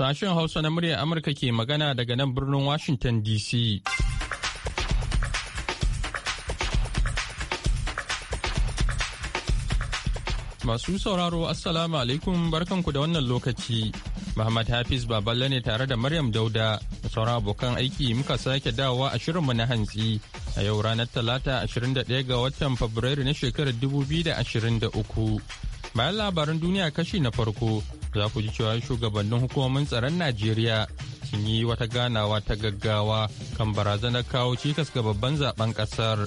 Sashen Hausa na muryar Amurka ke magana daga nan birnin Washington DC. Masu sauraro Assalamu alaikum barkanku da wannan lokaci. Muhammad Hafiz Baballe ne tare da Maryam Dauda da sauran abokan aiki muka sake dawowa a shirinmu na hantsi a yau ranar Talata 21 ga watan Fabrairu na shekarar 2023. Bayan labaran duniya kashi na farko za ku ji cewa shugabannin hukumomin tsaron Najeriya sun yi wata ganawa ta gaggawa kan barazanar kawo cikas ga babban zaben kasar.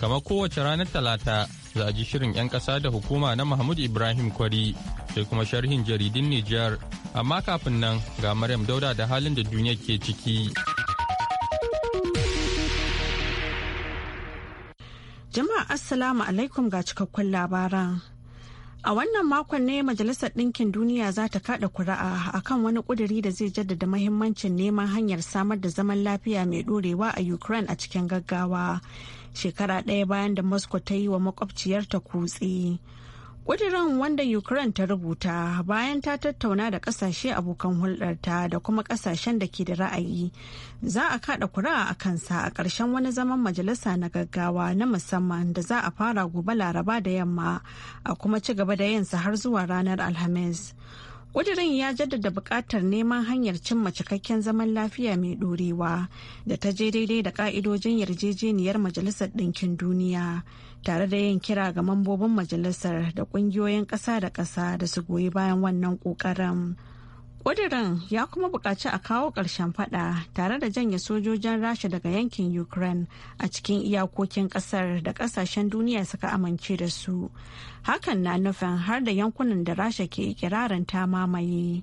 Kamar kowace ranar Talata za a ji shirin 'yan ƙasa da hukuma na Mahmud Ibrahim Kwari sai kuma sharhin jaridin Nijar. Amma kafin nan ga Maryam Dauda da halin da duniya ke ciki. Jama'a Assalamu alaikum ga cikakkun labaran. A wannan makon ne Majalisar Ɗinkin Duniya za ta kaɗa kuri'a kan wani ƙuduri da zai jaddada mahimmancin neman hanyar samar da zaman lafiya mai ɗorewa a Ukraine a cikin gaggawa. Shekara ɗaya bayan da Moscow ta yi wa makwabciyarta kutse. ƙudirin wanda Ukraine ta rubuta bayan ta tattauna da ƙasashe abokan hulɗarta da kuma kasashen da ke da ra'ayi za a kaɗa kura a kansa a ƙarshen wani zaman majalisa na gaggawa na musamman da za a fara gobe laraba da yamma a kuma ci gaba da yinsa har zuwa ranar alhamis. ƙudirin ya jaddada buƙatar neman hanyar cimma cikakken zaman lafiya mai ɗorewa da ta je daidai da ƙa'idojin yarjejeniyar majalisar ɗinkin duniya. tare da yin kira ga mambobin majalisar da kungiyoyin ƙasa da ƙasa da su goyi bayan wannan ƙoƙarin. ƙudirin ya kuma buƙaci a kawo ƙarshen fada tare da janye sojojin rasha daga yankin ukraine a cikin iyakokin ƙasar da ƙasashen duniya suka amince da su hakan na nufin har da yankunan da rasha ke kirarin ta mamaye.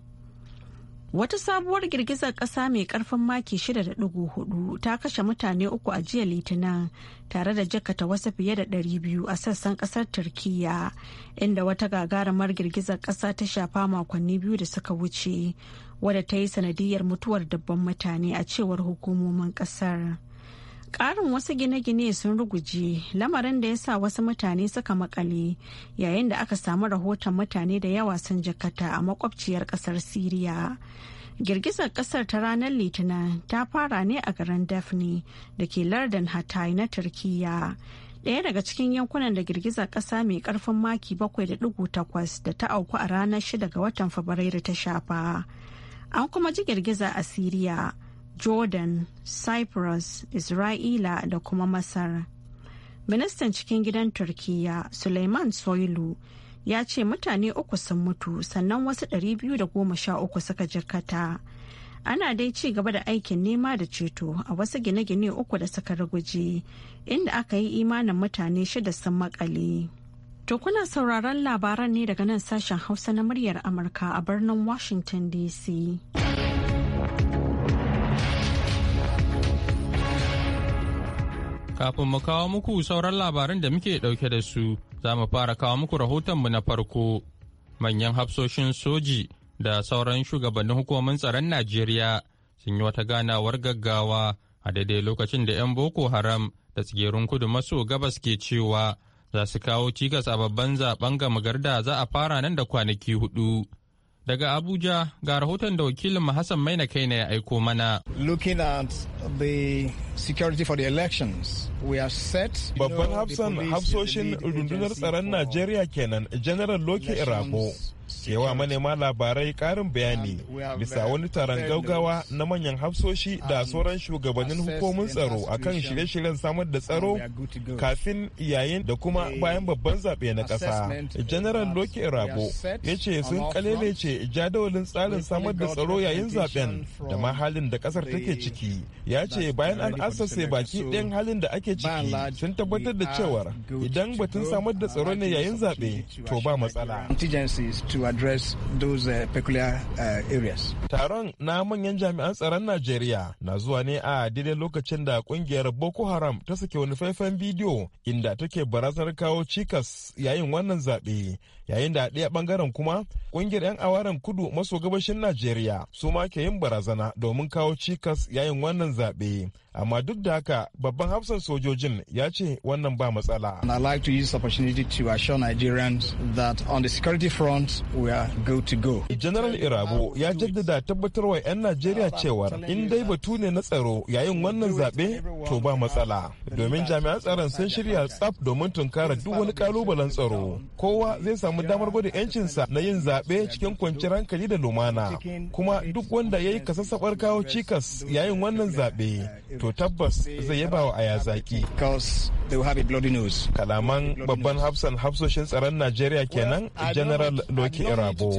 Wata sabuwar girgizar ƙasa mai ƙarfin maki 6.4 ta kashe mutane uku a jiya Litinin tare da jakata wasu fiye da 200 a sassan ƙasar Turkiyya inda wata gagarumar girgizar ƙasa ta shafa makonni biyu da suka wuce wadda ta yi sanadiyar mutuwar dabban mutane a cewar hukumomin ƙasar. Ƙarin wasu gine-gine sun ruguje lamarin da ya sa wasu mutane suka makale yayin da aka samu rahoton mutane da yawa sun jakata a makwabciyar ƙasar Siriya. Girgizar ƙasar ta ranar Litinin ta fara ne a garin Daphne da ke lardin Hatay na Turkiyya. Ɗaya daga cikin yankunan da girgizar ƙasa mai ƙarfin maki 7.8 da ta auku a ranar 6 ga watan Fabrairu ta shafa. An kuma ji girgiza a Siriya. jordan cyprus isra'ila da kuma masar ministan cikin gidan turkiyya suleiman soilu ya ce mutane uku sun mutu sannan wasu ɗari biyu da goma sha uku suka jirkata ana dai ci gaba da aikin nema da ceto a wasu gine-gine uku da suka raguje inda aka yi imanin mutane shida sun makale tokuna sauraron labaran ne daga nan sashen hausa na muryar amurka a birnin washington dc Kafin mu kawo muku sauran labaran da muke ɗauke da su, za mu fara kawo muku rahoton mu na farko. Manyan hafsoshin soji da sauran shugabannin hukumomin tsaron Najeriya sun yi wata ganawar gaggawa a daidai lokacin da 'yan Boko Haram da tsigerun kudu maso gabas ke cewa za su kawo cikas a babban zaben gama garda za a fara nan da kwanaki hudu. Daga Abuja ga rahoton da wakilin Hassan Maina kai na ya aiko mana. Looking at the security for the elections, we are set. Babban hafsan hafsoshin rundunar tsaron Najeriya kenan, General Loke Irabo. yawa manema labarai karin bayani bisa wani taron gaugawa na manyan hafsoshi da sauran shugabannin hukumomin tsaro akan shirye-shiryen samar da tsaro kafin yayin da kuma bayan babban zaɓe na ƙasa general loke rabo ya ce sun kalelece jadawalin tsarin samar da tsaro yayin zaɓen da ma halin da ƙasar take ciki ya ce bayan an asase baki ɗayan halin da ake ciki sun tabbatar da cewar idan batun samar da tsaro ne yayin zaɓe to ba matsala to address those uh, peculiar uh, areas. Taron na manyan jami'an tsaron Najeriya na zuwa ne a daidai lokacin da kungiyar Boko Haram ta sake wani faifan bidiyo inda take barazanar kawo cikas yayin wannan zaɓe. Yayin da ɗaya ɓangaren kuma kungiyar 'yan awaren kudu maso gabashin Najeriya su ma ke yin barazana domin kawo cikas yayin wannan zaɓe. amma duk da haka babban hafsan sojojin ya ce wannan ba matsala. And I like to use opportunity to assure Nigerians that on the security front we are good to go. General Irabo ya jaddada tabbatarwa 'yan Najeriya cewar in dai batu ne na tsaro yayin wannan zaɓe to ba matsala. Domin jami'an tsaron sun shirya tsaf domin tunkara duk wani kalubalen tsaro. Kowa zai samu damar gwada 'yancinsa na yin zaɓe cikin kwanciyar hankali da lumana. Kuma duk wanda ya yi kasassaɓar kawo cikas yayin wannan zaɓe to tabbas zai yaba wa aya zaki. Kalaman babban hafsan hafsoshin tsaron Najeriya kenan General Loki Irabo.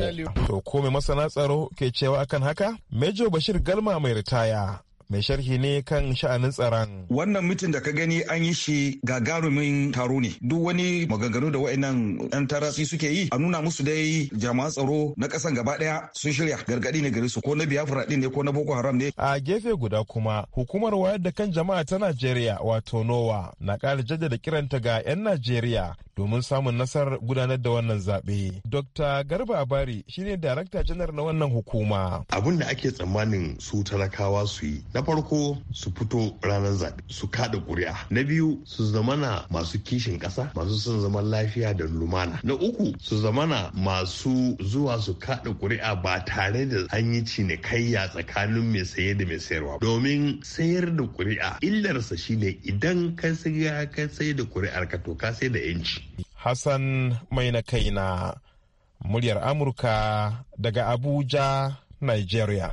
To ko mai masana tsaro ke cewa akan haka? Major Bashir Galma mai ritaya mai sharhi ne kan sha'anin tsaron. Wannan mitin da ka gani an yi shi gagarumin taro ne. Duk wani maganganu da wa'annan 'yan tarasi suke yi a nuna musu dai jama'an tsaro na ƙasan gaba ɗaya sun shirya gargaɗi ne gare su ko na Biafra ɗin ne ko na Boko Haram ne. A gefe guda kuma hukumar wayar da kan jama'a ta Najeriya wato NOWA na ƙara jaddada kiranta ga 'yan Najeriya domin samun nasarar gudanar da wannan zaɓe. Dr. Garba Abari shine darakta janar na wannan hukuma. Abin da ake tsammanin su talakawa su yi na farko su fito ranar zaɓe su kada ƙuri'a. Na biyu su zamana masu kishin ƙasa masu son zaman lafiya da lumana. Na uku su zamana masu zuwa su kada ƙuri'a ba tare da an yi cinikayya tsakanin mai saye da mai sayarwa. Domin sayar da ƙuri'a illarsa shine idan ka siga ka sai da ƙuri'ar ka to ka sai da 'yanci. Hassan mai na na muryar Amurka daga Abuja, Nigeria.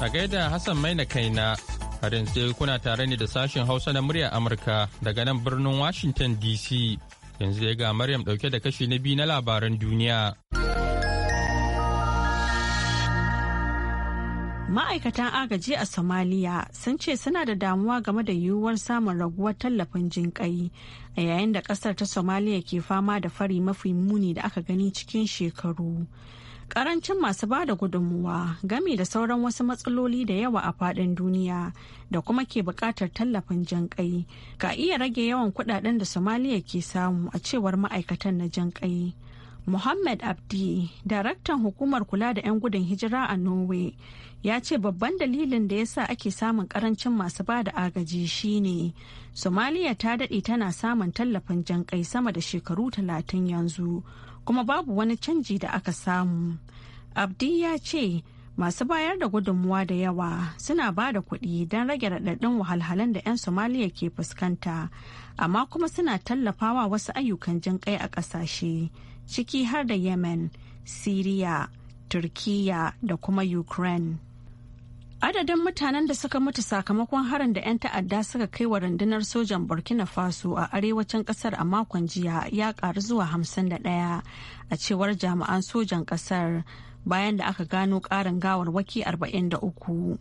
A gaida Hassan mai na har yanzu kuna tare ne da sashen Hausa na muryar Amurka daga nan birnin Washington DC. Yanzu ga Maryam ɗauke da kashi na biyu na labaran duniya. Ma'aikatan agaji a Somalia sun ce suna da damuwa game da yiwuwar samun raguwar tallafin jinƙai a yayin da ƙasar ta Somalia ke fama da fari mafi muni da aka gani cikin shekaru. Karancin masu ba da gudunmuwa gami da sauran wasu matsaloli da yawa a fadin duniya da kuma ke buƙatar tallafin jinƙai ka iya rage yawan kuɗaɗen da Somalia ke samu a cewar ma'aikatan na jinƙai. Muhammad Abdi, daraktan hukumar kula da 'yan gudun hijira a Norway, ya ce babban dalilin da ya sa ake samun karancin masu ba da agaji shine Somalia ta daɗe tana samun tallafin kai sama da shekaru talatin yanzu, kuma babu wani canji da aka samu. Abdi ya ce masu bayar da gudunmuwa da yawa suna ba da kuɗi don rage raɗaɗin wahalhalun da 'yan somaliya ke fuskanta, amma kuma suna tallafawa wasu ayyukan jinƙai a ƙasashe. ciki har da yemen siriya turkiya da kuma ukraine adadin mutanen da suka mutu sakamakon harin da 'yan ta'adda suka kai wa rundunar sojan burkina faso a arewacin kasar a makon jiya ya karu zuwa hamsin da 51 a cewar jami'an sojan kasar bayan da aka gano karin gawarwaki 43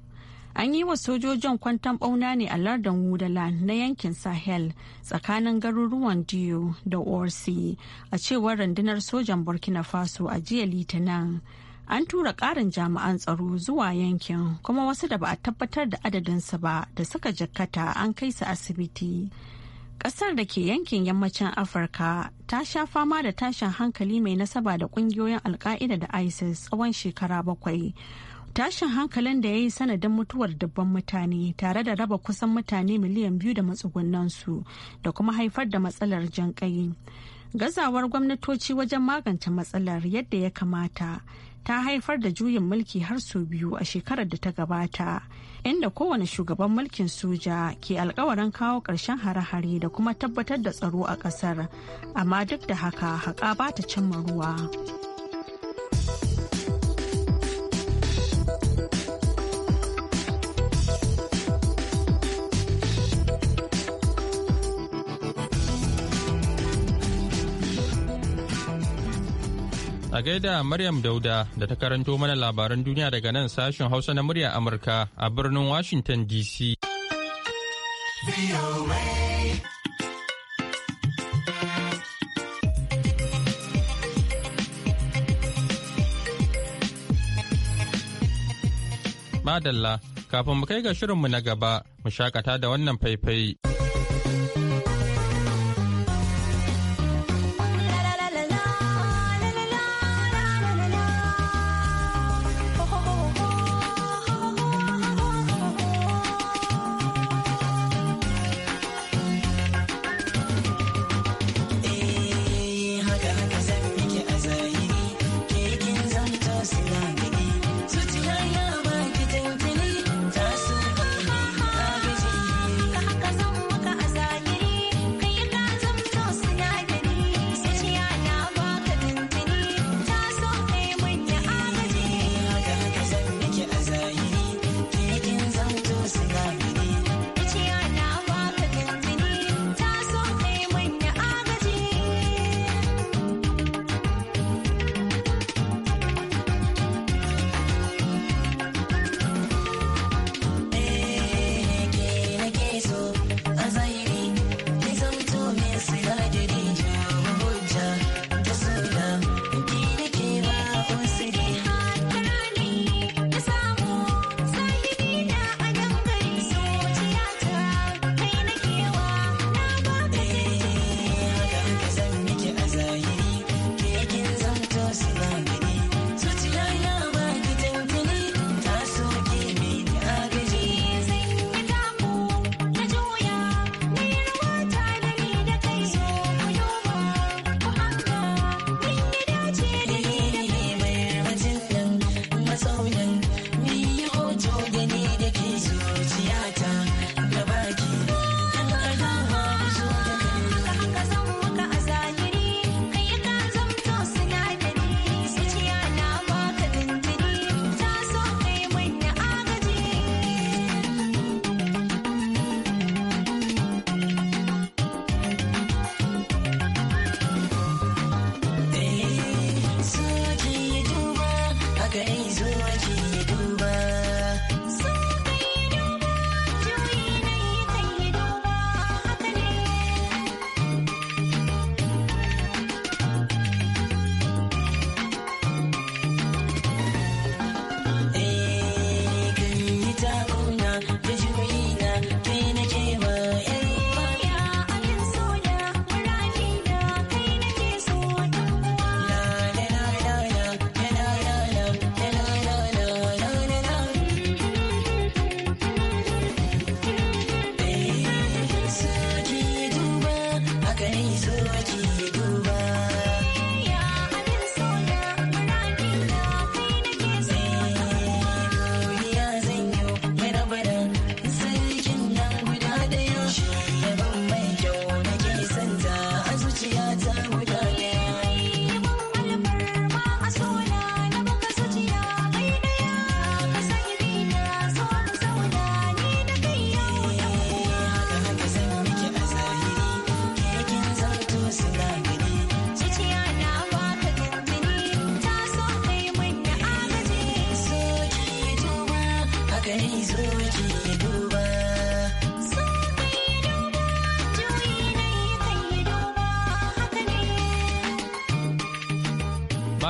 An yi wa sojojin kwantan bauna ne a lardin Wudala na yankin Sahel tsakanin garuruwan Diyo da Orsi a cewar rundunar sojan Burkina Faso a jiya Litinin. An tura ƙarin jami'an tsaro zuwa yankin kuma wasu da ba a tabbatar da adadinsu ba da suka jakkata an kai su asibiti. kasar da ke yankin yammacin afirka ta sha fama da tashin hankali mai nasaba da kungiyoyin alka'ida da isis tsawon shekara bakwai tashin hankalin da ya yi sanadin mutuwar dubban mutane tare da raba kusan mutane miliyan biyu da su da kuma haifar da matsalar jan kai gazawar gwamnatoci wajen magance matsalar yadda ya kamata ta haifar da juyin mulki har sau biyu a shekarar da ta gabata inda kowane shugaban mulkin soja ke alkawarin kawo ƙarshen hare-hare da kuma tabbatar da tsaro a ƙasar amma duk da haka haƙa ba ta cimma ruwa. A gaida Maryam Dauda da ta karanto mana labaran duniya daga nan sashen Hausa na murya Amurka a birnin Washington DC. Madalla, kafin mu kai ga shirinmu na gaba, mu shakata da wannan faifai.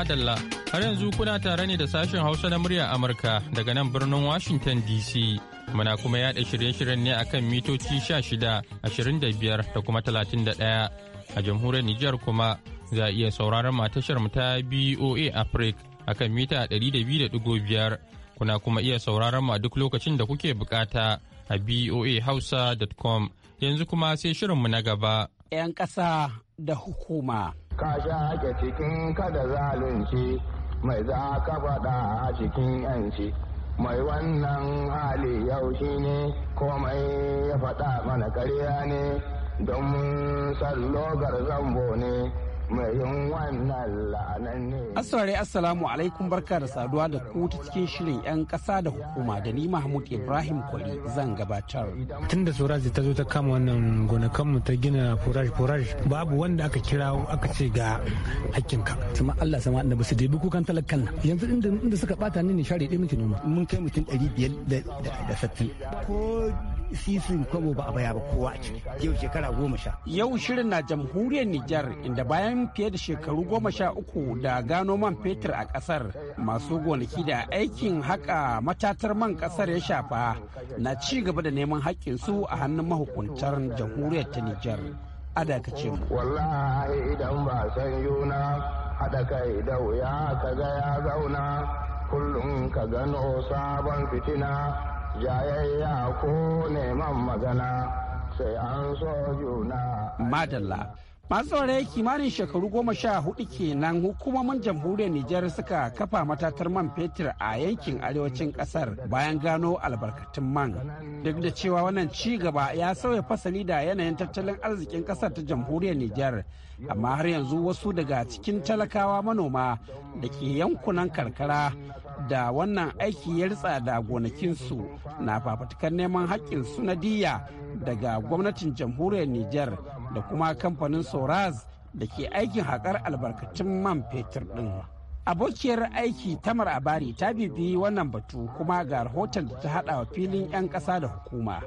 talla har yanzu kuna tare ne da sashen Hausa na murya Amurka daga nan birnin Washington DC. Muna kuma yada shirye-shiryen ne akan mitoci 16, 25 da kuma 31 a jamhuriyar Nijar kuma za a iya sauraron matashar mu ta BOA Africa akan mita 200.5 kuna kuma iya sauraron mu a duk lokacin da kuke bukata a boahausa.com yanzu kuma sai shirinmu na gaba. 'Yan ƙasa da hukuma. ka ake cikin kada zalunci mai za ka faɗa a cikin yanci mai wannan hali yau shi ne komai ya faɗa mana karya ne don mun logar zambo ne Asrare Assalamu alaikum barka da saduwa da ku ta cikin shirin 'yan kasa da hukuma da ni Mahmud Ibrahim Kwari zan gabatar. Tun da Suraji ta zo ta kama wannan gonakanmu ta gina furaj furaj babu wanda aka kira aka ce ga hakkinka. Sama Allah sama da basu debi kukan talakkan Yanzu inda suka bata ni nishadi share ɗaya miki noma. Mun kai mutum ɗari biyar da sattin. Ko sisin kwabo ba a baya ba kowa a ciki. Yau shekara goma sha. Yau shirin na jamhuriyar Nijar inda bayan bayan fiye da shekaru goma sha uku da gano man fetur a ƙasar masu gonaki da aikin haƙa matatar man ƙasar ya shafa na ci gaba da neman haƙƙinsu a hannun mahukuntar jamhuriyar ta Nijar. Adakace mu. Wallahi idan ba san yuna haɗa kai da wuya ka ga ya zauna kullum ka gano sabon fitina jayayya ko neman magana sai an so juna. Madalla. masu saurare kimanin shekaru goma sha hudu kenan hukumomin jamhuriyar nijar suka kafa matatar man fetur a yankin arewacin kasar bayan gano albarkatun man duk da cewa wannan ci gaba ya sauya fasali da yanayin tattalin arzikin kasar ta jamhuriyar nijar amma har yanzu wasu daga cikin talakawa manoma da ke yankunan karkara da wannan aiki ya ritsa da gonakinsu na fafutukar neman su na diya daga gwamnatin jamhuriyar nijar da kuma kamfanin soraz da ke aikin haƙar albarkatun man fetur ɗin. abokiyar aiki tamar abari ta bibi wannan batu kuma ga rahoton da ta hada wa filin 'yan ƙasa da hukuma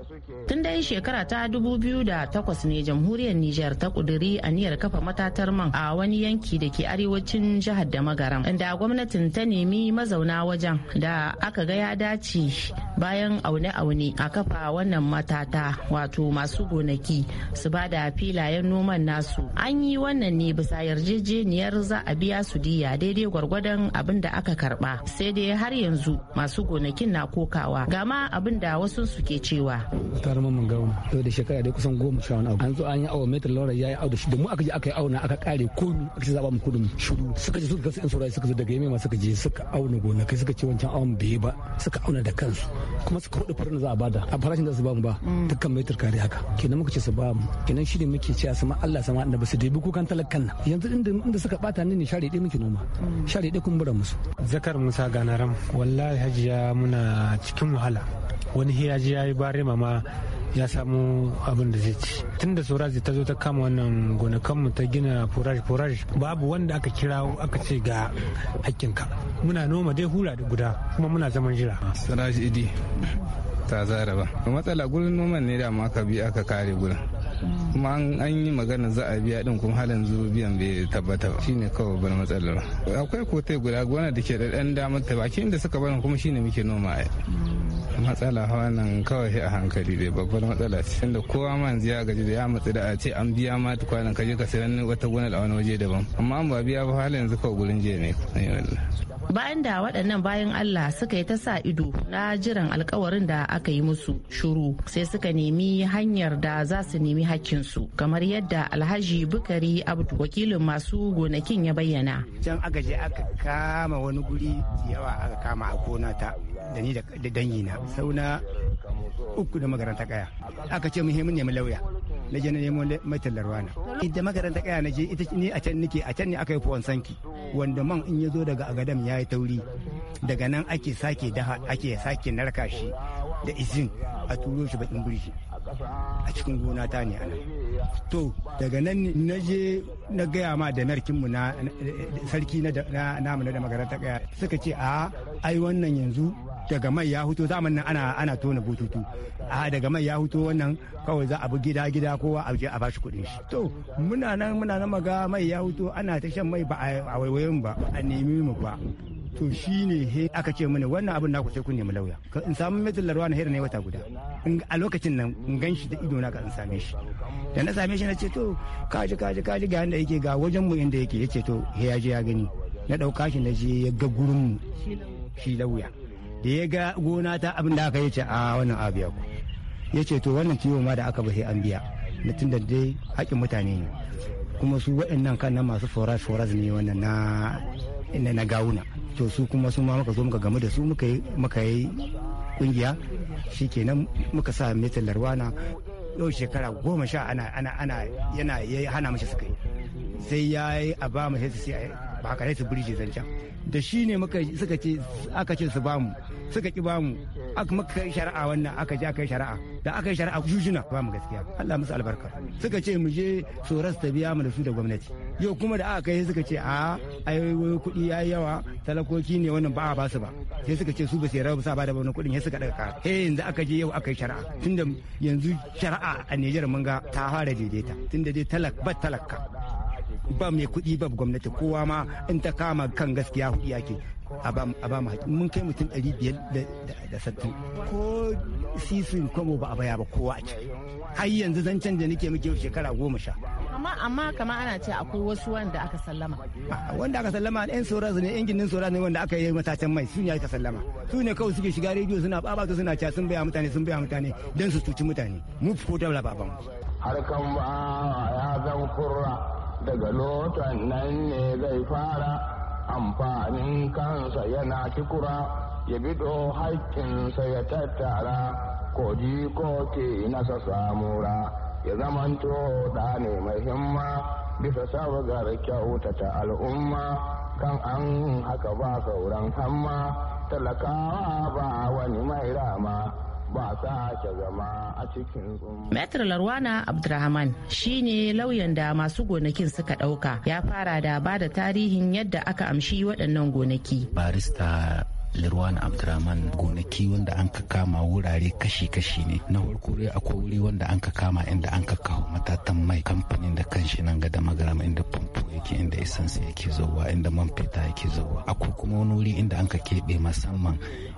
tun dai shekara ta 2008 ne jamhuriyar nijar ta a aniyar kafa matatar man a wani yanki da ke arewacin jihar da magaram inda gwamnatin ta nemi mazauna wajen da aka ga ya dace bayan aune-aune a kafa wannan matata wato masu gonaki su ba da filayen noman nasu an yi wannan ne bisa yarjejeniyar za a biya su diya daidai gwargwadon abin da aka karba sai dai har yanzu masu gonakin na kokawa gama abin da wasu su ke cewa da shekara dai kusan goma sha wani abu an zo an yi awo metar laura ya yi awo da shi da mu aka je aka yi auna aka kare komi aka ce zaba mu kudin shuru suka je suka kasu yan saurari suka zo daga yamma suka je suka auna gonakai suka ce wancan awon bai ba suka auna da kansu kuma suka hudu farin za a bada a farashin da su bamu ba dukkan mai turkari haka kenan muka ce su bamu kenan shi ne muke cewa sama Allah sama da su dubi kukan talakkan nan yanzu inda suka bata ne share ɗaya muke noma share ɗaya kun bura musu zakar musa ganaram wallahi hajiya muna cikin wahala wani hiyaji ya yi bare mama ya samu abin da zai ci tun da soraji ta zo ta kama wannan gonakanmu ta gina forage forage babu wanda aka kira aka ce ga hakkinka muna noma dai hula da guda kuma muna zaman jira saraji idi ta zara ba matsala gurin noman ne da aka bi aka kare gurin kuma an yi magana za a biya din kuma halin zuwa biyan bai tabbata ba shine kawai babbar ba akwai kotai guda gona da ke da damar ta bakin da suka bani kuma shine muke noma a matsala wannan kawai a hankali dai babbar matsala ce tunda kowa ma yanzu ya gaji da ya matsi da a ce an biya ma tukwanan kaje ka sayan wata gonar a wani waje daban amma an ba biya ba halin yanzu kawai gurin je ne bayan da waɗannan bayan allah suka yi ta sa ido na jiran alkawarin da aka yi musu shuru sai suka nemi hanyar da za su nemi hakkinsu kamar yadda alhaji bukari abdu wakilin masu gonakin ya bayyana can aka je aka kama wani guri yawa aka kama a gona ta da ni da dangina na uku da makaranta kaya aka ce muhimmin nemi lauya na je na nemo mai tallarwa na ita makaranta kaya na je ita ne a can nake a can ne aka yi fuwan sanki wanda man in ya zo daga agadam ya yi tauri daga nan ake sake daha ake sake narka shi da izin a turo shi bakin birji a cikin gona ta ne ana to daga nan na je na gaya ma da narkinmu na sarki na namu na da ta kaya suka ce a ai wannan yanzu daga mai ya huto zamanin ana ana tona bututu a daga mai ya huto wannan kawai za a bi gida gida kowa a je a bashi kuɗin shi to muna nan muna nan maga mai ya huto ana ta shan mai ba a waiwayen ba a nemi mu ba to shi ne he aka ce mini wannan abin naku sai ku nemi lauya in samu mai larwa na hira ne wata guda a lokacin nan in gan shi da ido na ka in same shi da na same shi na ce to kaji kaji kaji ga yanda yake ga wajen mu inda yake yace to he ya je ya gani na dauka shi na je ya ga gurin mu shi lauya da ya ga gona ta abin da aka yi ce a wannan abiya ku ya ce to wannan ciwo ma da aka ba sai an biya na tun da dai haƙin mutane ne kuma su waɗannan kan nan masu foras-foras ne wannan na na gawuna to su kuma su ma muka zo muka gamu da su muka yi kungiya shikenan muka sa metal larwana yau shekara goma sha ana ana yana hana mashi suka yi sai ya yi a ba mu sai ba ne su birji zancen da shi ne suka ce aka ce su mu suka ki mu aka maka kai shari'a wannan aka je aka yi shari'a da aka yi shari'a jujuna ba mu gaskiya Allah musu albarka suka ce mu je tsoras ta biya mu da su da gwamnati yau kuma da aka kai suka ce a ai kuɗi yayi yawa talakoki ne wannan ba a ba su ba sai suka ce su ba yi rabu ba ba da wani kuɗin sai suka daga ka he yanzu aka je yau aka yi shari'a tunda yanzu shari'a a Nijar mun ga ta fara daidaita tunda dai talak ba talaka ba mai kuɗi ba gwamnati kowa ma in ta kama kan gaskiya hudu yake a ba mu mun kai mutum ɗari biyar da sattin ko sisin kwamo ba a baya ba kowa a ciki har yanzu zancen da nake muke shekara goma sha amma amma kama ana ce akwai wasu wanda aka sallama wanda aka sallama yan saurasu ne yan ginin saurasu ne wanda aka yi matatan mai su ne aka sallama su ne kawai suke shiga rediyo suna babata suna cewa sun baya mutane sun baya mutane don su cuci mutane mu ko dabla baban harkan ba ya zan kurra daga lotan nan ne zai fara amfanin kansa yana kikura ya bido haƙƙinsa ya tattara koji ko ke nasa samura ya zamanto da ne mai himma bisa sabgar kyautata al'umma kan an haka ba sauran hamma talakawa ba wani mai rama ba sake zama a cikin Metro Larwana Abdurrahman ne lauyan da masu gonakin suka ɗauka, ya fara da ba da tarihin yadda aka amshi waɗannan gonaki. Barista Lirwan Abdurrahman gonaki wanda an ka kama wurare kashi-kashi ne. Na farko dai akwai wuri wanda an ka kama inda an ka kawo matatan mai kamfanin da kanshi nan ga da magaram inda pompo yake inda isansa yake zowa inda man fita yake zowa. Akwai kuma wani wuri inda an ka keɓe musamman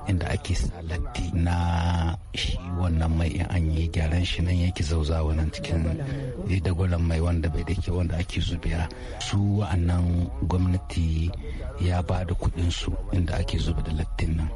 inda ake salatti na shi wannan mai in an yi gyaran shi nan yake zauza wannan cikin dagwalon mai wanda bai da ke wanda ake zubiya su wa'annan gwamnati ya ba da su inda ake zuba da lattin nan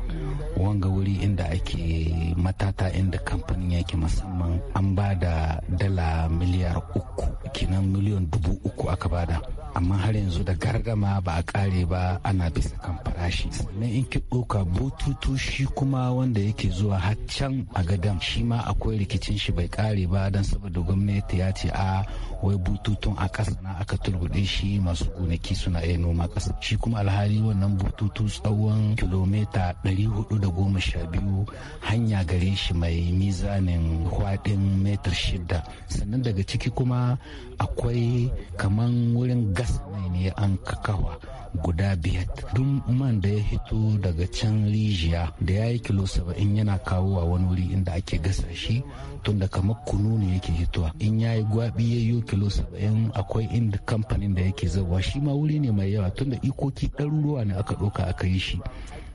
wanga wuri inda ake matata inda kamfanin yake musamman an ba da dala miliyar uku kinan miliyan dubu uku aka bada amma har yanzu da gargama ba a kare ba ana bisa kan farashi sannan in ki ɗauka bututu shi kuma wanda yake zuwa haccan a gadan shi ma akwai rikicin shi bai kare ba don saboda gwamnati ya ce a wai bututun a ƙasa na aka turbuɗe shi masu gonaki suna iya noma ƙasa shi kuma alhali wannan bututu tsawon kilomita ɗari da goma sha biyu hanya gare shi mai mizanin kwaɗin metar shida sannan daga ciki kuma akwai kaman wurin gas ne an kakawa guda biyar duk man da ya hito daga can rijiya da ya yi kilo saba'in yana kawo a wani wuri inda ake gasa shi tun da kamar kunu ne yake hitowa in ya yi gwabi ya yi kilo saba'in akwai inda kamfanin da yake zaba shi ma wuri ne mai yawa tun da ikoki ɗaruruwa ne aka ɗauka aka yi shi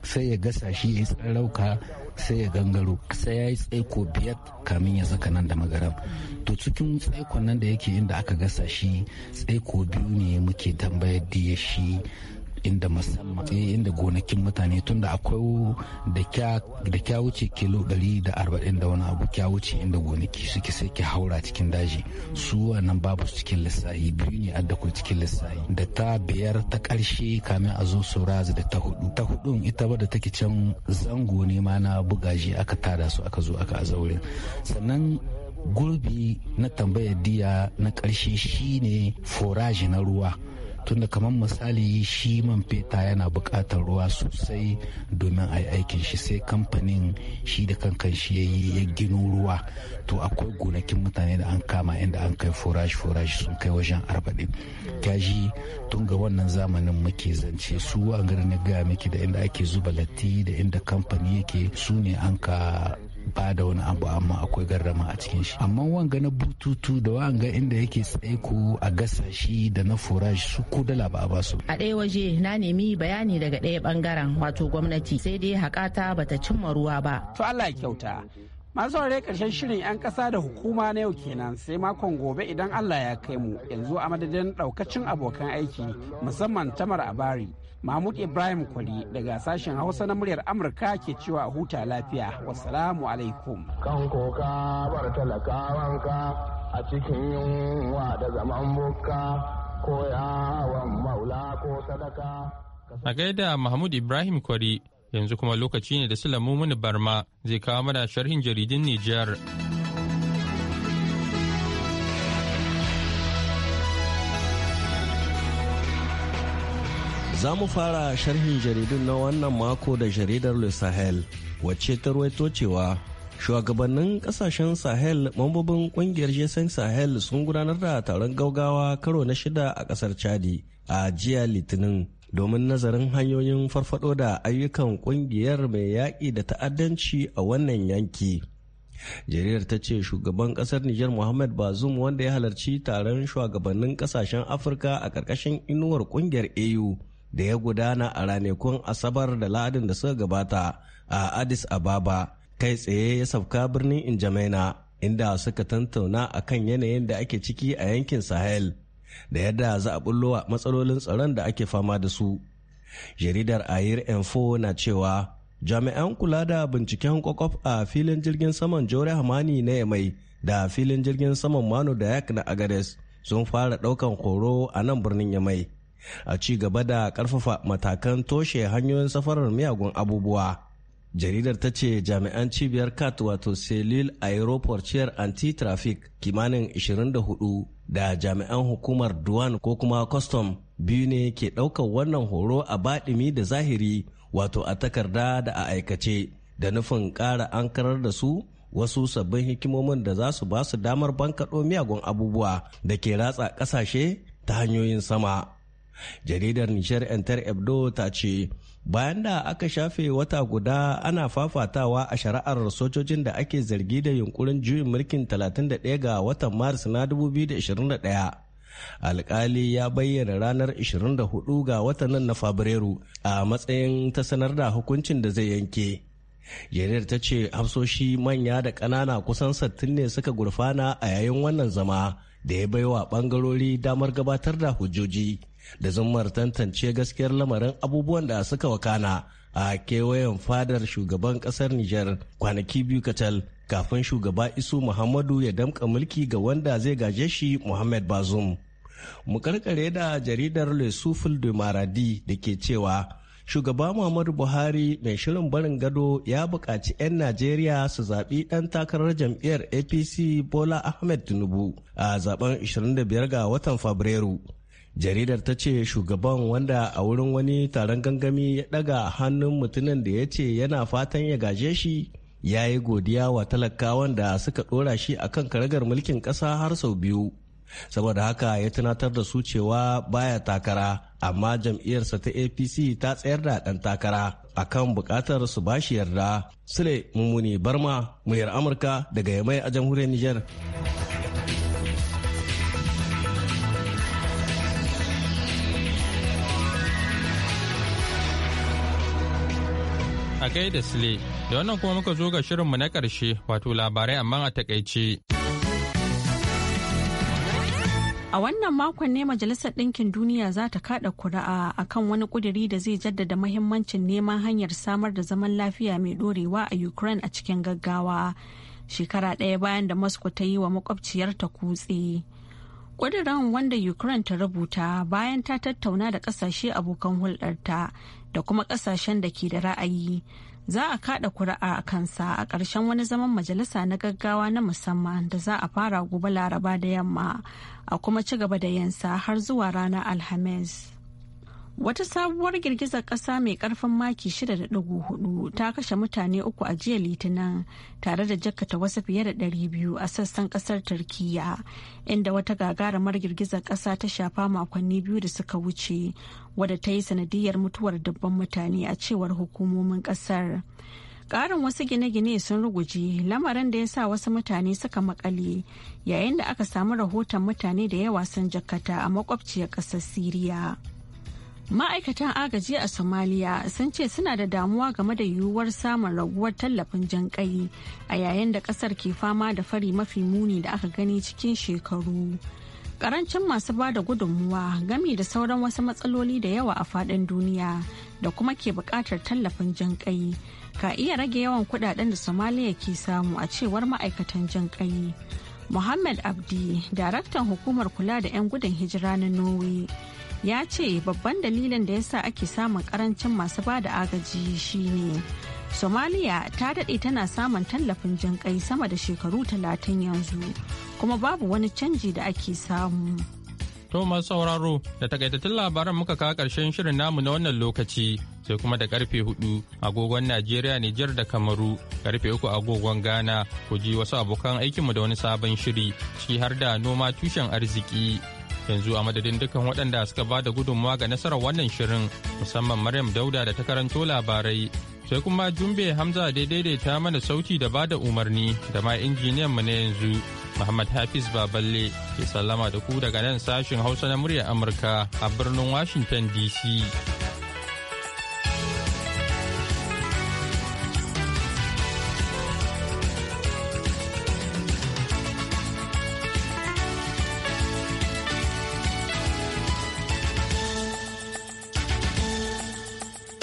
sai ya gasa shi ya yi tsarauka sai ya gangaro sai ya yi tsaiko biyar kamin ya zaka nan da magaram to cikin tsaikon nan da yake inda aka gasa shi tsaiko biyu ne muke tambayar da shi inda musamman eh, inda gonakin mutane tunda akwai da kya wuce kilo 140 da wani abu kya wuce inda gonaki suke sai ki haura cikin daji su wannan babu cikin lissahi biyu ne addakwai cikin lissahi da ta biyar ta karshe kamin a zo saurazi da ta hudu ta hudun ita ba da take can zango ne ma na bugaji aka tada su aka zo aka azaure. sannan gurbi na tambayar diya na karshe shine foraji na ruwa tunda kamar misali shi man feta yana bukatar ruwa sosai domin a yi aikin shi sai kamfanin shi da kankan shi ya gino ruwa to akwai gonakin mutane da an kama inda an kai forage forage sun kai wajen arbaɗin kaji tun ga wannan zamanin muke zance su an garin na gaya miki da inda ake zuba latti da inda kamfani yake su ne an ka ba da wani abu amma akwai garrama a cikin shi amma wanga na bututu da wanga inda yake tsaiko a gasa shi da na forage su ko dala ba a ba su a ɗaya waje na nemi bayani daga ɗaya bangaren wato gwamnati sai dai hakata bata cimma ruwa ba to Allah ya kyauta masu ware karshen shirin 'yan kasa da hukuma na yau kenan sai makon gobe idan allah ya kai mu yanzu a madadin daukacin abokan aiki musamman tamar abari mahmud ibrahim Kwali daga sashen hausa na muryar amurka ke cewa huta lafiya wasalamu alaikum kan koka bar talakawanka a cikin yunwa da zaman bukka ko yawon maula ko sadaka a gaida mahmud ibrahim kwari yanzu kuma lokaci ne da sulamu muni barma zai kawo mana sharhin jaridin nijar Za mu fara sharhin jaridun na wannan mako da jaridar Le Sahel, wacce ta ruwaito cewa shugabannin kasashen Sahel mambobin kungiyar Jesan Sahel sun gudanar da taron gaugawa karo na shida a kasar Chadi a jiya Litinin domin nazarin hanyoyin farfado da ayyukan kungiyar mai yaƙi da ta'addanci a wannan yanki. jaridar ta ce shugaban kasar Nijar Muhammad Bazoum wanda ya halarci taron shugabannin kasashen Afirka a ƙarƙashin inuwar kungiyar AU da ya gudana a ranakun asabar da ladin da suka gabata a addis ababa kai tsaye ya sauka birnin injamaina inda suka tantauna a kan yanayin da ake ciki a yankin sahel da yadda za a bullowa matsalolin tsaron da ake fama da su jaridar ayir info na cewa jami'an kula da binciken kwakwaf a filin jirgin saman jore hamani na yamai da filin jirgin saman mano da yak na agades sun fara daukan horo a nan birnin yamai a ci gaba da karfafa matakan toshe hanyoyin safarar miyagun abubuwa jaridar ta ce jami'an cibiyar cat wato selil chair anti-traffic kimanin 24 da jami'an hukumar duwan ko kuma custom biyu ne ke ɗaukar wannan horo a baɗimi da zahiri wato a takarda da a aikace da nufin ƙara an karar da su wasu sabbin hikimomin da za su ba su damar bankaɗo miyagun abubuwa da ke ratsa ƙasashe ta hanyoyin sama. jaridar nishar enter ebdo ta ce bayan da aka shafe wata guda ana fafatawa a shari'ar sojojin da ake zargi da yunkurin juyin mulkin 31 ga watan maris na 2021 alkali ya bayyana ranar 24 ga watan nan na fabrairu a matsayin ta sanar da hukuncin da zai yanke jaridar ta ce hafsoshi manya da ƙanana kusan sattin ne suka gurfana a yayin wannan zama da ya baiwa ɓangarori damar gabatar da hujjoji da zumar tantance gaskiyar lamarin abubuwan da suka wakana a kewayen fadar shugaban kasar Nijar kwanaki biyu kacal kafin shugaba Isu Muhammadu ya damka mulki ga wanda zai gaje shi Muhammad bazum. Mu karkare da jaridar Le Souffle de Maradi da ke cewa shugaba Muhammadu Buhari mai shirin barin gado ya buƙaci 'yan Najeriya su zaɓi ɗan takarar jam'iyyar APC Bola Ahmed Tinubu a zaben 25 ga watan Fabrairu. jaridar ta ce shugaban wanda a wurin wani taron gangami ya daga hannun mutumin da ya ce yana fatan ya gaje shi ya yi godiya wa talakawan da suka dora shi a kan karagar mulkin ƙasa har sau biyu saboda haka ya tunatar da su cewa baya takara amma jam'iyyarsa ta apc ta tsayar da ɗan takara a kan buƙatar su bashi yarda sule mummuni barma muyar amurka daga yamai a jamhuriyar niger a da Sile, da wannan kuma muka zo ga shirinmu na ƙarshe wato labarai amma a takaice. A wannan makon ne Majalisar Ɗinkin Duniya za ta kaɗa kuri'a a kan wani ƙuduri da zai jaddada mahimmancin neman hanyar samar da zaman lafiya mai ɗorewa a Ukraine a cikin gaggawa. Shekara ɗaya bayan da Moscow ta yi wa makwabciyarta kutse. ƙudurin wanda Ukraine ta rubuta bayan ta tattauna da ƙasashe abokan hulɗarta da kuma kasashen da ke da ra'ayi za a kada ƙuri'a a kansa a ƙarshen wani zaman majalisa na gaggawa na musamman da za a fara gobe laraba da yamma a kuma ci gaba da yansa har zuwa ranar alhamis Wata sabuwar girgizar kasa mai karfin maki 6.4 ta kashe mutane uku a jiya litinin tare da jakkata wasu fiye da 200 a sassan kasar Turkiyya, inda wata gagarumar girgizar kasa ta shafa makonni biyu da suka wuce, wadda ta yi sanadiyar mutuwar dabban mutane a cewar hukumomin kasar Ƙarin wasu gine-gine sun ruguje lamarin da ya sa wasu mutane suka makale yayin da aka samu rahoton mutane da yawa sun jakkata a makwabciyar ƙasar Siriya. ma'aikatan agaji a Somalia sun ce suna da damuwa game da yiwuwar samun raguwar tallafin jan a yayin da ƙasar ke fama da fari mafi muni da aka gani cikin shekaru karancin masu ba da gudunmuwa gami da sauran wasu matsaloli da yawa a fadin duniya da kuma ke buƙatar tallafin jan ka iya rage yawan kuɗaɗen da Somalia ke samu a cewar ma'aikatan jan kai muhammad abdi daraktan hukumar kula da 'yan gudun hijira na norway ya ce babban dalilin da ya sa ake samun karancin masu ba da agaji ne somaliya ta daɗe tana samun tallafin jinƙai sama da shekaru talatin yanzu kuma babu wani canji da ake samu thomas sauraro da takaitattun labaran muka kawo ƙarshen shirin namu na wannan lokaci sai kuma da karfe 4 agogon Najeriya Nijar da Kamaru karfe 3 agogon Ghana ku ji wasu abokan aikinmu da wani sabon shiri ciki har da noma tushen arziki yanzu a madadin dukkan waɗanda suka ba da gudunmawa ga nasarar wannan shirin musamman maryam dauda da ta karanto labarai sai kuma jumbe hamza da ta mana sauti da ba da umarni da ma injiniyan mu na yanzu muhammad hafiz baballe ke sallama da ku daga nan sashin hausa na muryar amurka a birnin washington dc